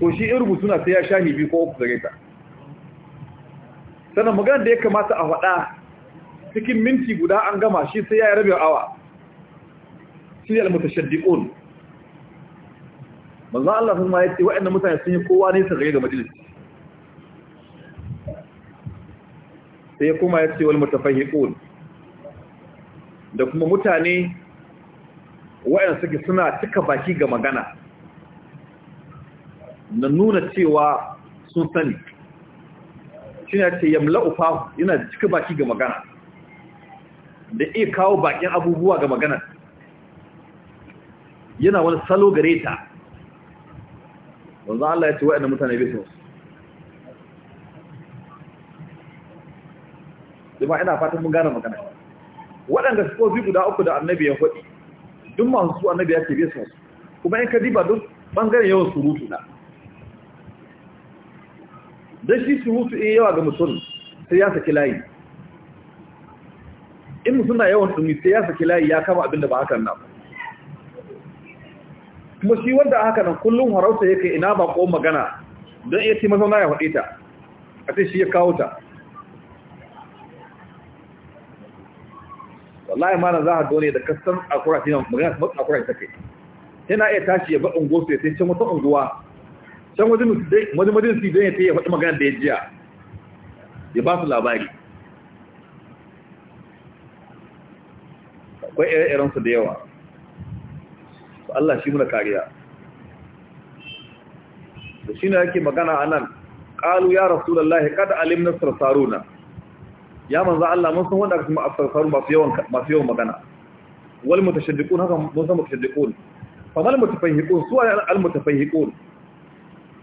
ko shi in rubutu na sai ya shahi biyu ko uku gare ta sannan maganar da ya kamata a faɗa cikin minti guda an gama shi sai ya yi rabin awa su yi almutashaddiqun manzo Allah sun ma yace waɗannan mutane sun yi kowa ne su gare ga majalis sai kuma wani wal mutafahiqun da kuma mutane waɗanda suke suna cika baki ga magana na nuna cewa sun sani shi ne ce yamla ufa yana cika baki ga magana da iya kawo bakin abubuwa ga magana yana wani salo gare ta wanzu Allah ya ce waɗanda mutane bai sun su ba. ina fatan mun gane magana waɗanda su kofi guda uku da annabi ya faɗi duk masu su annabi ya ce bai sun su kuma in ka diba duk ɓangaren yawan surutu na don shi surutu in yawa ga mutum sai ya saki layi in mutum na yawan ɗumi sai ya saki layi ya kama abin da ba hakan na ba kuma shi wanda haka nan kullum harauta yake ina ba ko magana don iya ce mazauna ya haɗe ta a ce shi ya kawo ta wallahi ma na za a dole da kasan akura shi na magana su matsa akura ta kai yana iya tashi ya ba gosu ya sai can wata unguwa can wajen wajen su don ya ta ya faɗi magana da ya jiya ya ba su labari akwai ire su da yawa Allah shi muna kariya da shi ne yake magana a nan ƙalu ya rasu da ya kada alim na na ya manza Allah mun san wanda aka kuma sarsaru masu yawan magana wal mutashaddiqun haka mun san mutashaddiqun fa mal mutafahhiqun su al mutafahhiqun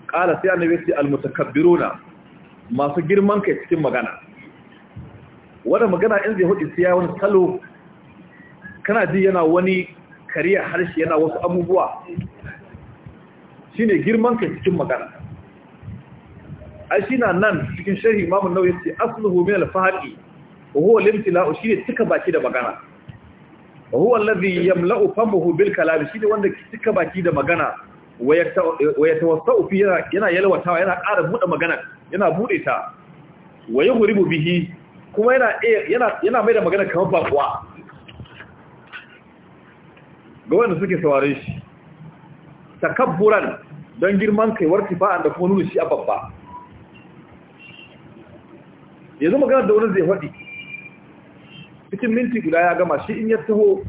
qala sai annabi sai al mutakabbiruna masu girman kai cikin magana wanda magana in zai hudu sai ya wani salo kana ji yana wani kariya harshe yana wasu abubuwa shine girman ka cikin magana ai shi na nan cikin sharhi imamu nawawi yace asluhu min al-fahqi wa huwa al-imtila'u shine cika baki da magana wa huwa alladhi yamla'u famahu bil kalam shine wanda cika baki da magana wa yatawassa'u fi yana yalwatawa yana ƙara bude magana yana bude ta wa yuhribu bihi kuma yana yana yana mai da magana kamar bakuwa ga wanda suke saurare shi takabburan don girman kai wartifa'an da kuma nuna shi a babba yanzu magana da wani zai faɗi cikin minti guda ya gama shi in ya taho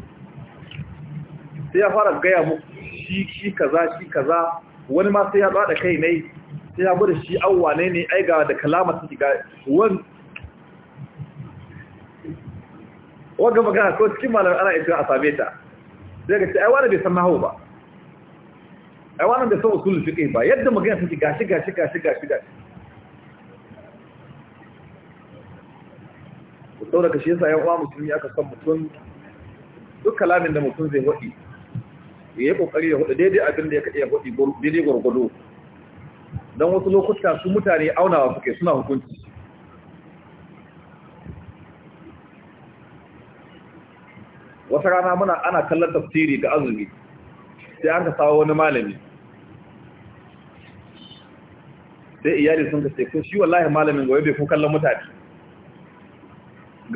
sai ya fara gaya mu shi shi kaza shi kaza wani ma sai ya tsada kai ne sai ya gwada shi awwa ne ne ai ga da kalama su ga wan wanda magana ko cikin malar ana ita a same ta daga ce aiwanan bai san nahawu ba aiwanan bai san usulul fiqh ba yadda magana take gashi gashi gashi gashi gashi saboda ka shi yasa yan uwa musulmi aka san mutum duk kalamin da mutum zai hudi ya yi ƙoƙari ya hudu daidai abin da ya kaɗe ya waɗi daidai gwargwado don wasu lokuta su mutane aunawa suke suna hukunci wata rana muna ana kallon tafsiri ga azumi sai an ka sawo wani malami sai iyali sun ka sai shi wallahi malamin gobe bai ko kallon mutane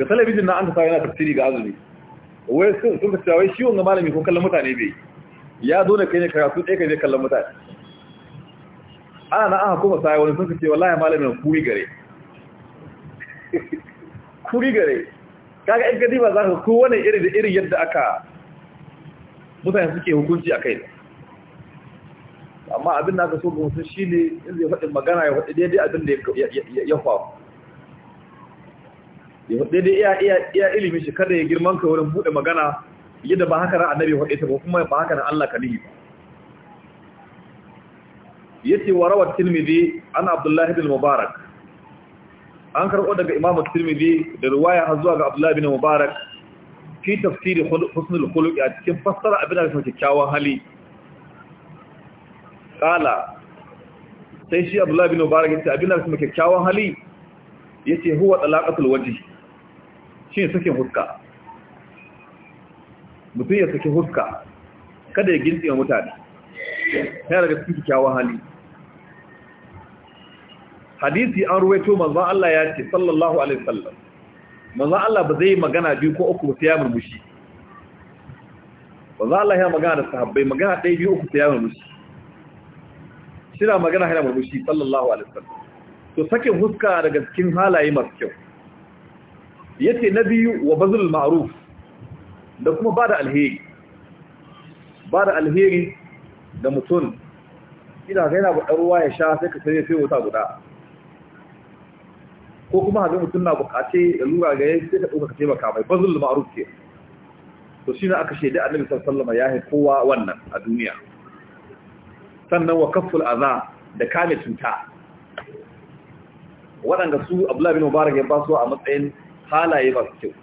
ga talabijin na an ka sawo yana tafsiri ga azumi wai sun ka sai wai shi wanga malami ko kallon mutane bai ya zo da kai ne karatu ɗaya ka je kallon mutane ana na aka kuma sai wani sun ka sai wallahi malamin kuri gare kuri gare kaga in ba za ka kowane iri da iri yadda aka mutane suke hukunci a kai amma abin da aka so ga mutum shi ne in zai faɗin magana ya faɗi daidai abin da ya faru ya faɗi daidai iya ilimi shi kada ya girman ka wurin buɗe magana yadda ba haka na annabi faɗi ta ba kuma ba haka na Allah kalihi ba yace wa rawat tilmidi an Abdullahi bin mubarak an karɓo daga imam tirmidhi da ruwaya har zuwa ga abdullahi bin mubarak fi tafsiri husnul khuluq a cikin fassara abin da yake kyakkyawan hali qala sai shi abdullahi bin mubarak yace abin da yake kyakkyawan hali yace huwa talaqatul wajhi shine sakin huska mutum ya saki huska kada ya gintsi wa mutane sai daga cikin kyawun hali hadisi an ruwaito manzon Allah ya ce sallallahu alaihi wasallam manzon Allah ba zai magana biyu ko uku sai ya murmushi manzon Allah ya magana da sahabbai magana ɗaya biyu uku sai ya murmushi shira magana yana murmushi sallallahu alaihi wasallam to sakin huska daga cikin halaye masu kyau yace na biyu wa bazul ma'ruf da kuma bada alheri bada alheri da mutum ina ga yana ba ruwa ya sha sai ka sai sai wuta guda ko kuma haɗe mutum na bukace da lura ga yayi sai ka ɗauka ka taimaka mai bazul ma'ruf ke to shine aka shaida annabi sallallahu alaihi wasallam ya kowa wannan a duniya sannan wa kaful aza da kame cuta wadanda su abdullahi bin mubarak ya basu a matsayin halaye masu kyau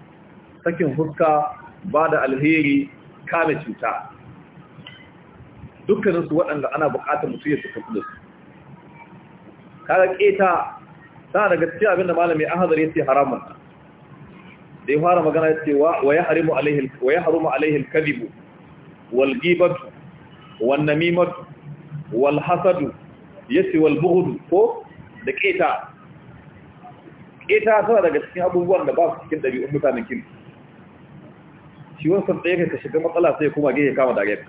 sakin fuska ba da alheri kame cuta dukkaninsu wadanda ana buƙatar mutum ya suka da su kaga keta ta daga ci abinda malami ahadar yace haramun da ya fara magana yace wa ya harimu alaihi wa ya harimu alaihi al-kadhibu wal ghibatu wan namimatu wal hasad yace wal bughd ko da keta keta tana daga cikin abubuwan da ba su cikin dabi'un mutanen kin shi wannan sai ka shiga matsala sai kuma gehe kama da gefe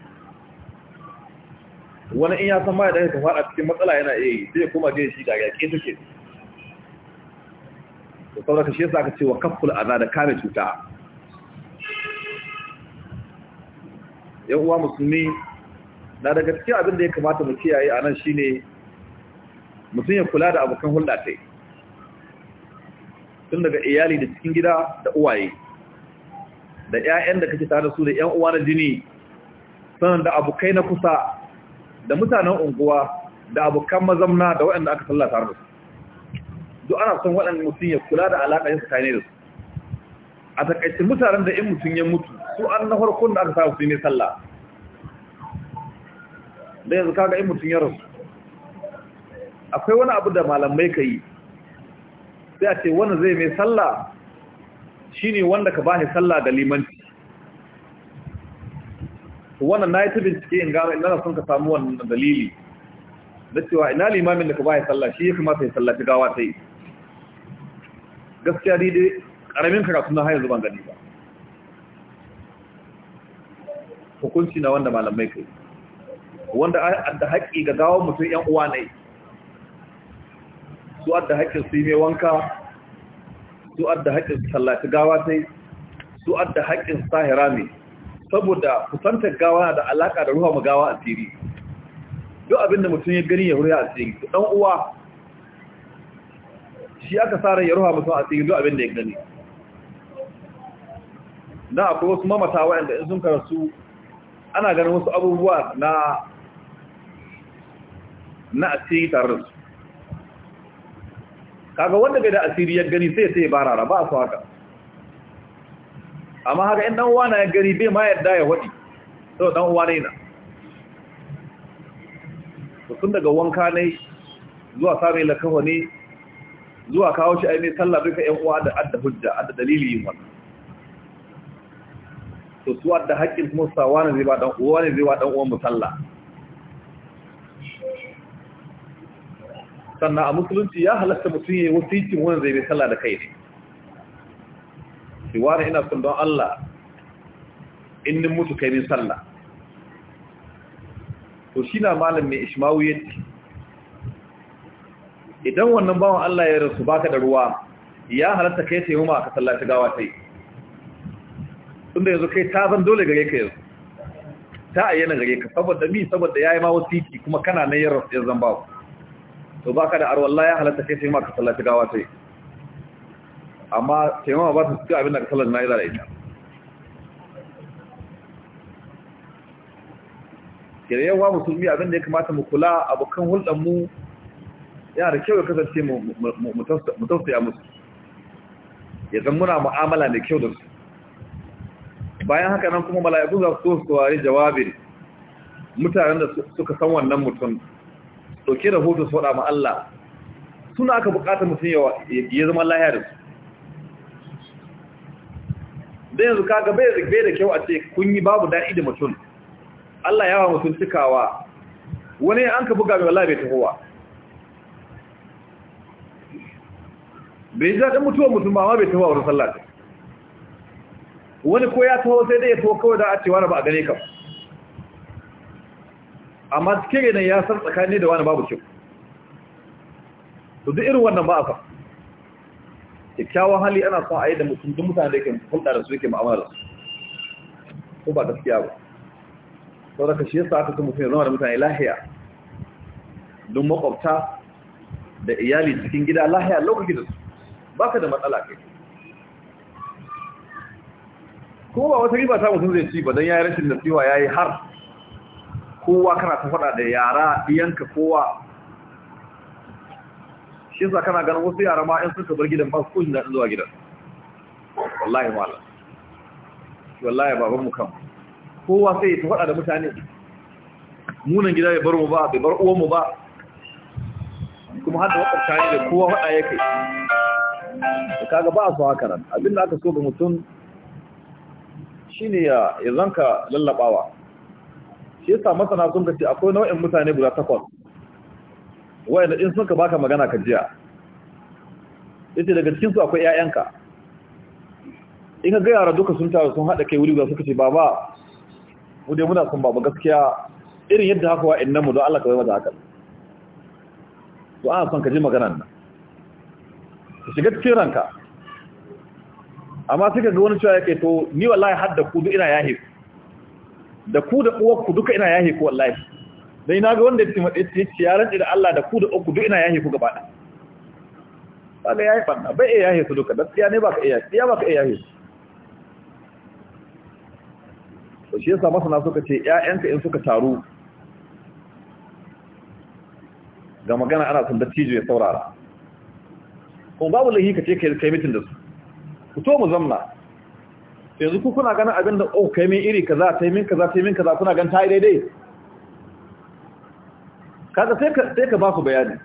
wani in ya san ma ya daga ka cikin matsala yana iya yi sai kuma gehe shi da gefe keta keta da sauraka shi yasa aka ce wa kafful aza da kame cuta yan uwa musulmi na daga cikin abin da ya kamata mu kiyaye a nan shine mutum ya kula da abokan hulɗa ta tun daga iyali da cikin gida da uwaye da 'ya'yan da kake tare da su da ƴan uwa na jini sanan da abokai na kusa da mutanen unguwa da abokan mazamna da waɗanda aka sallata da duk ana son waɗannan mutum ya kula da alaƙa yin tsakani da su a takaice mutanen da in mutum ya mutu su an na farkon da aka samu su ne sallah da yanzu kaga in mutum ya rasu akwai wani abu da malamai ka yi sai a ce wani zai mai sallah shine wanda ka bani sallah da limanci wannan na yi ta bincike in gano ina sun ka samu wannan dalili da cewa ina limamin da ka bani sallah shi ya kamata ya sallaci gawa ta yi gaskiya dai dai karamin karatu na hanyar zuban gani ba hukunci na wanda malamai kai wanda da haƙƙi ga gawon mutum ‘yan uwa ne su adda haƙƙin su yi mai wanka su adda haƙƙin su tallafi gawa sai, su adda haƙƙin su tahira ne saboda kusantar gawa da alaƙa da ruha mu gawa a asiri duk abinda mutum ya gani ya ruha a ɗan uwa shi aka sa ya ruha musu a cikin zuwa abin da ya gani na akwai wasu mamata wa'anda in sun karasu ana ganin wasu abubuwa na na asiri tare da su kaga wanda bai da asiri ya gani sai sai rara ba su haka amma haka in dan uwa na ya gani bai ma yadda ya wadi sau dan uwa ne na sun daga wanka ne zuwa sami lakawa ne zuwa kawo shi ai sallah duka ƴan uwa da adda hujja adda dalili yin wannan to su adda haƙƙin kuma wani zai ba dan uwa ne zai ba dan uwa musalla sannan a musulunci ya halatta mutum ya yi wasicin wani zai bai sallah da kai ne shi wani ina son don Allah in nin mutu kai min sallah to shi na malam mai ishmawu yadda idan wannan bawan Allah ya rasu baka da ruwa ya halatta kai sai huma ka sallaci gawa sai tunda yanzu kai ta zan dole gare ka yanzu ta ayyana gare ka saboda mi saboda yayi ma wasiti kuma kana nan yar rasu zan bawo to baka da wallahi ya halatta kai sai huma ka sallaci gawa sai amma sai ma ba ta suka abin da ka sallaci na yi da ita kirewa musulmi abin da ya kamata mu kula abokan hulɗar mu yana da kyau ya kasance mu tausaya musu ya zan muna mu'amala mai kyau da su bayan haka nan kuma mala'iku za su su wari jawabin mutanen da suka san wannan mutum dauke da hoto su faɗa ma Allah suna aka buƙatar mutum ya zama lahiya da su da yanzu kaga bai zigbe da kyau a ce kun yi babu daɗi da mutum Allah yawa mutum cikawa wani an ka buga mai wallahi bai tahowa bai ji daɗin mutuwa mutum ba ma bai tafi a wata sallah ta wani ko ya taho sai dai ya taho kawai da a cewa ba a gane ka amma cikin yanayi ya san tsakani da wani babu kyau to duk irin wannan ba a fa kyakkyawan hali ana son a yi da mutum duk mutane da ke hulɗa da su yake ma'amala su ko ba gaskiya ba sau da kashi yasa aka mutum ya zama da mutane lahiya don makwabta da iyali cikin gida lahiya lokaci da su baka da matsala kai ko ba wata riba ta mutum zai ci ba don ya yi rashin nasiwa ya yi har kowa kana ta faɗa da yara iyanka kowa shi sa kana ganin wasu yara ma in suka bar gidan ba su kun da zuwa gidan wallahi mala wallahi baban mu kan kowa sai ta faɗa da mutane munan gida bai bar mu ba bai bar uwan mu ba kuma har da wakar tare da kowa faɗa ya kai kaga ba su haka nan abin da aka so ga mutum Shi ne ya zanka lallabawa shi yasa masana sun ce akwai nau'in mutane guda takwas na in sun ka baka magana ka jiya yace daga cikin su akwai ƴaƴanka in ka ga yara duka sun taru sun hada kai wuri guda suka ce baba mu dai muna son baba gaskiya irin yadda haka wa'annan mu don Allah ka bai mata haka to ana son ka ji maganar nan ka shiga cikin ranka amma suka ga wani cewa yake to ni wallahi har da ku duk ina yahi. da ku da uwar ku duka ina yahi ku wallahi dan na ga wanda ya ce ya rantsi da Allah da ku da uwar ku duk ina yahi ku gaba ɗaya ba ya yahi fanna bai iya yahi su duka da tsiya ne ba ka iya tsiya ba ka iya yahe to shi yasa masana suka ce ƴaƴanka in suka taru ga magana ana son dattijo ya saurara ko babu lahi ka ce kai mitin da su ku to mu zamna yanzu ku kuna ganin abin da oh kai min iri kaza kai min kaza kai min kaza kuna gan ta yi daidai ta sai ka ba ku bayani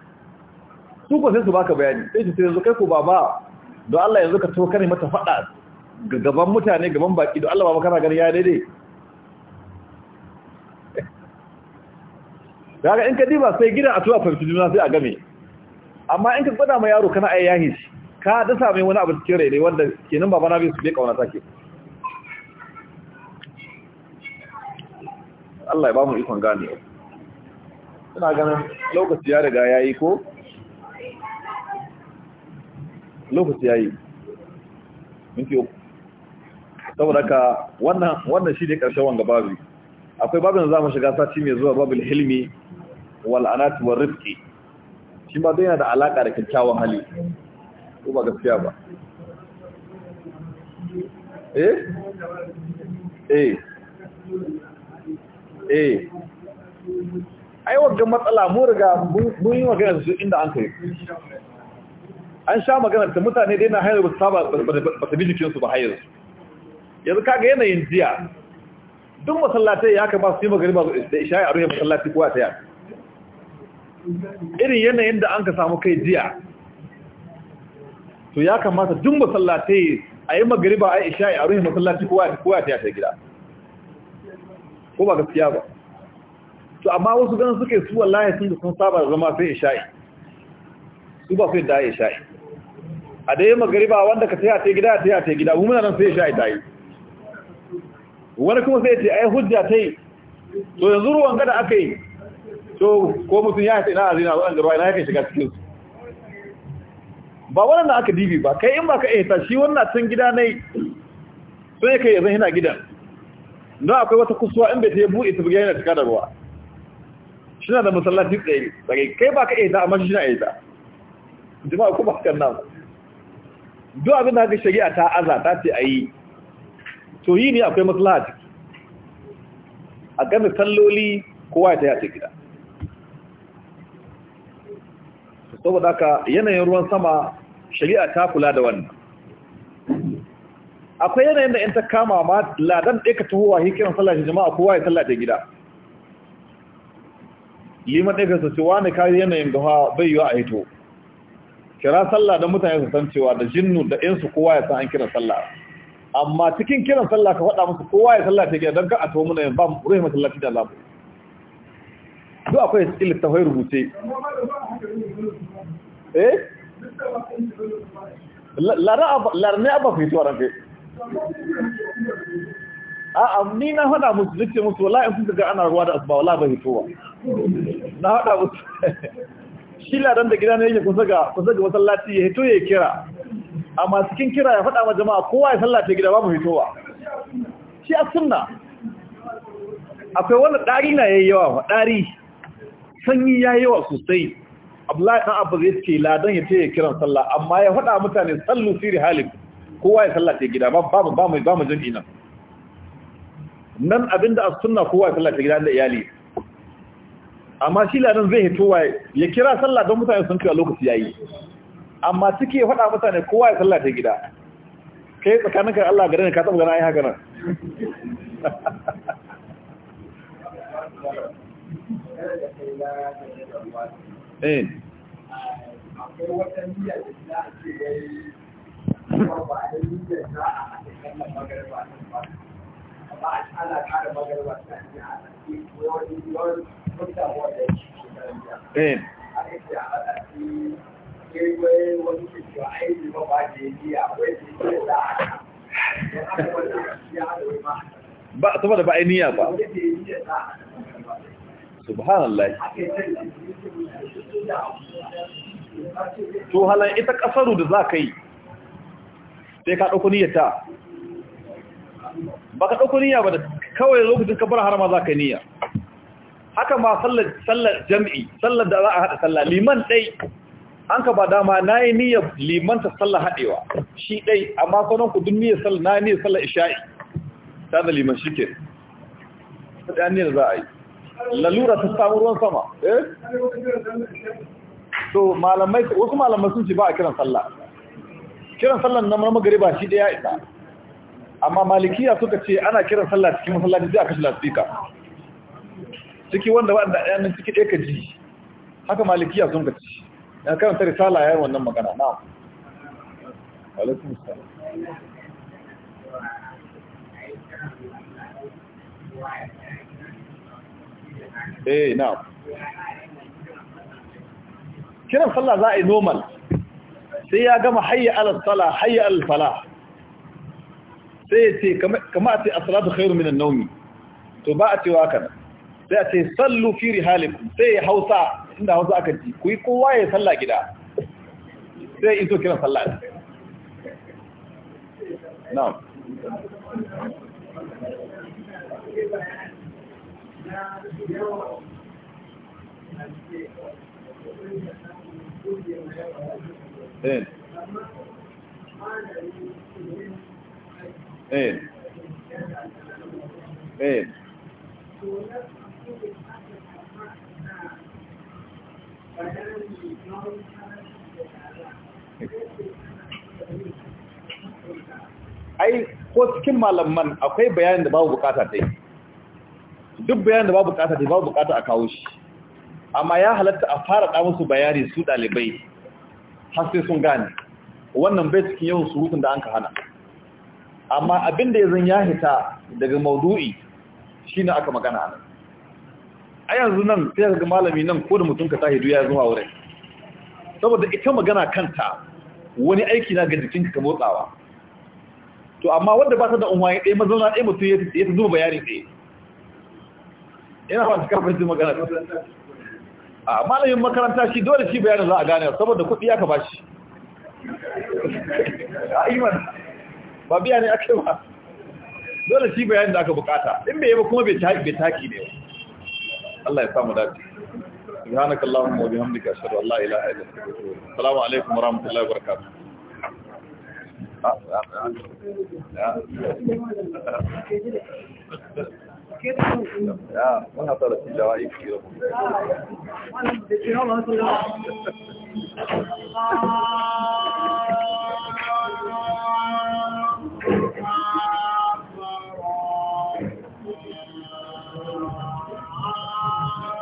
su ko sai su baka bayani sai ce yanzu kai ku baba don Allah yanzu ka tokar ne mata fada ga gaban mutane gaban baki don Allah baba kana gani ya daidai daga in ka diba sai gidan a tuwa fahimci juna sai a game amma in ka gwada ma yaro kana ai yahi shi ka dasa mai wani abu cikin rai ne wanda ke nan babana bai su bai kauna take Allah ya ba mu ikon gane ina ganin lokaci ya riga yayi ko lokaci yayi minti uku saboda ka wannan wannan shi ne karshen wanga babu akwai babin da za mu shiga sati mai zuwa babul hilmi wal anat war shi ma zai yana da alaƙa da kyakkyawan hali ko ba gaskiya ba eh eh eh ai wajen matsala mun riga mun yi magana su inda an kai an sha magana ta mutane dai na hayar ba saba ba ta bijikin su ba hayar yanzu kaga yanayin jiya duk masallatai ya kama su yi magana ba da isha'i a ruhin masallaci kowa ta yaka irin yanayin da an ka samu kai jiya to ya kamata duk masallatai a yi magariba a isha a ruhin masallaci kowa ta ta gida ko ba gaskiya ba to amma wasu ganin suke suwa wallahi sun da sun saba da zama sai isha'i su ba su sai da isha'i a dai magariba wanda ka taya ta gida ta ta gida mu muna nan sai isha'i ta yi wani kuma sai ya ce hujja ta yi to yanzu ruwan gada aka yi to ko mutum ya haifa na azina waɗanda ruwa ina yakan shiga cikin su ba wannan aka dibi ba kai in ba ka ehta shi wannan tun gida ne sai kai yanzu yana gidan don akwai wata kusuwa in bai ta yi buɗe ta buga yana cika da ruwa shi na da masallaci tsaye tsaye kai ba ka ehta amma shi na ehta jama'a kuma hakan nan duk abin da haka shari'a ta aza ta ce a yi to yi ne akwai maslaha ciki a kan salloli kowa ya ta yi a gida saboda ka yanayin ruwan sama shari'a ta kula da wannan akwai yanayin da in ta kama ma ladan ɗaya ka tahowa kiran sallah jama'a kowa ya sallah da gida lima ɗaya ka sace wani kayi yanayin gawa bai yiwa a hito kira sallah don mutane su san cewa da jinnu da yansu kowa ya san an kiran sallah amma cikin kiran sallah ka faɗa musu kowa ya sallah ta gida don ka a taho muna yin ba mu rufe masallaci da lafi duk akwai littafai rubuce eh larne abba fito ranke a'a ni na hada musu duk musu wallahi in kun ga ana ruwa da asba wallahi ba hitowa na hada musu shi ladan da gida ne yake kusa ga masallaci ya hito ya kira amma cikin kira ya fada ma jama'a kowa ya sallata gida mu hitowa shi a sunna akwai wani dari na yayyawa yawa dari sanyi ya yi wa sosai abdullahi ɗan abu zai ce ladan ya ce ya kiran sallah amma ya faɗa mutane sallu siri halin kowa ya sallah ta gida ba mu jam'i nan nan abinda a suna kowa ya sallah ta gida da iyali amma shi ladan zai hito wa ya kira sallah don mutane sun kira lokaci yayi amma suke faɗa mutane kowa ya sallah ta gida kai tsakaninka Allah gare ne ka taɓa gana ai haka nan eh akwai da za a ce ba da ba a ana kara magarba ta ne ba niyya ba subhanallah to halan ita kasaru da za ka yi sai ka ɗauko niyyata, ba ka ɗauko niyya ba da kawai lokacin kabar harama za ka niyya haka ma sallar jam'i sallar da za a haɗa sallar liman ɗai an ka ba dama na yi niyyar limanta sallar haɗewa shi ɗai amma sauran ku dun niyyar sallar na niyyar sallar isha'i ta da liman shi ke ta ɗaya niyyar za a yi lalura ta samu ruwan sama eh to malamai wasu malamai sun ce ba a kiran sallah kiran sallah na magariba shi da ya isa amma malikiya suka ce ana kiran sallah cikin masallaci zai a kashe lasfika ciki wanda wanda yanin ciki ɗaya ka ji haka malikiya sun ka ya karanta risala ya yi wannan magana na Why? eh na kiran sallah za a yi normal sai ya gama hayya alal sala hayya al fala sai ya ce kama a ce as-salatu khairu minan nawmi to ba a cewa kana, sai a ce sallu fi rihalikum sai ya hausa inda hausa aka ji ku yi kowa ya salla gida sai iso kiran sallah you. Eh. Eh. Eh. ai ko cikin malaman akwai bayanin da babu bukata ta yi duk bayan da babu bukata da babu bukata a kawo shi amma ya halatta a fara da musu bayani su dalibai har sai sun gane wannan bai cikin yawan surutun da an ka hana amma abin da yanzu ya hita daga maudu'i shine aka magana nan a yanzu nan sai ga malami nan ko da mutum ka tahi duya zuwa wurin saboda ita magana kanta wani aiki na ga jikinka ka motsawa to amma wanda ba ta da ya ɗaya mazauna ɗaya mutum ya ta zuba bayani ɗaya ina ba ta kafin su magana a malamin makaranta shi dole shi bayanin za a gane saboda kuɗi ya ka ba shi a iman ba biya ne ake ba dole shi bayanin da aka bukata in bai yi ba kuma bai taki ne Allah ya samu dace سبحانك اللهم وبحمدك اشهد ان لا اله الا انت السلام عليكم ورحمه الله وبركاته Yeah. Ya, b u e n a t a r d e i ya va a ir. Bueno, d u e t h u